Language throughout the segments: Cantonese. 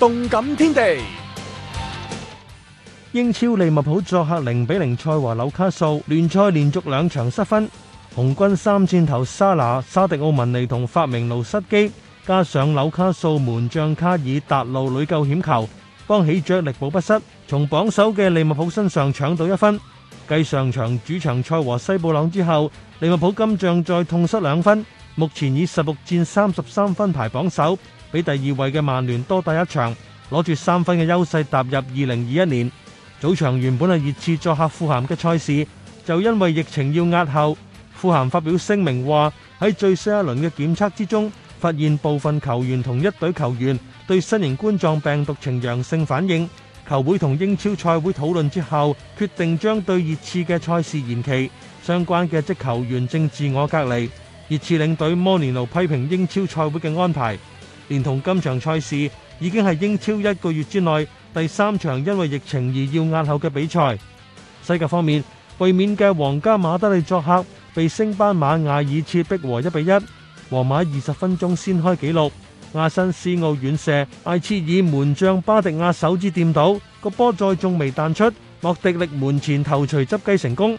動感天地，英超利物浦作客零比零賽和紐卡素，聯賽連續兩場失分。紅軍三箭頭沙拿、沙迪奧文尼同法明奴失機，加上紐卡素門將卡爾達路屢救險球，幫喜鵲力保不失，從榜首嘅利物浦身上搶到一分。繼上場主場賽和西布朗之後，利物浦今仗再痛失兩分，目前以十六戰三十三分排榜首。比第二位嘅曼聯多打一場，攞住三分嘅優勢踏入二零二一年。早場原本係熱刺作客富咸嘅賽事，就因為疫情要押後，富咸發表聲明話，喺最新一輪嘅檢測之中，發現部分球員同一隊球員對新型冠狀病毒呈陽性反應，球會同英超賽會討論之後決定將對熱刺嘅賽事延期。相關嘅職球員正自我隔離，熱刺領隊摩連奴批評英超賽會嘅安排。連同今場賽事，已經係英超一個月之內第三場因為疫情而要押後嘅比賽。西甲方面，衛冕嘅皇家馬德里作客被升班馬阿爾切逼和一比一。皇馬二十分鐘先開紀錄，亞辛斯奧遠射，阿爾切門將巴迪亞手指掂到個波，再仲未彈出，莫迪力門前頭錘執雞成功。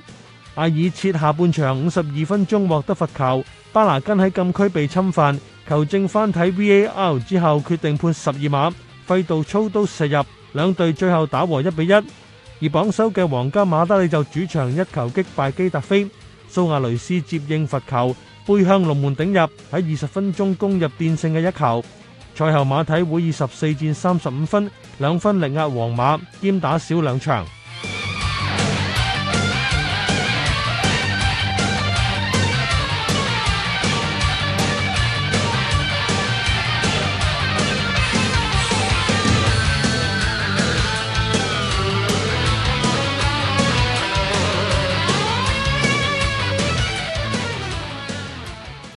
阿爾切下半場五十二分鐘獲得罰球，巴拿根喺禁區被侵犯。球證翻睇 VAR 之後，決定判十二碼，費度操刀射入，兩隊最後打和一比一。而榜首嘅皇家馬德里就主場一球擊敗基達菲，蘇亞雷斯接應罰球背向龍門頂入，喺二十分鐘攻入變勝嘅一球。賽後馬體會以十四戰三十五分兩分力壓皇馬，兼打少兩場。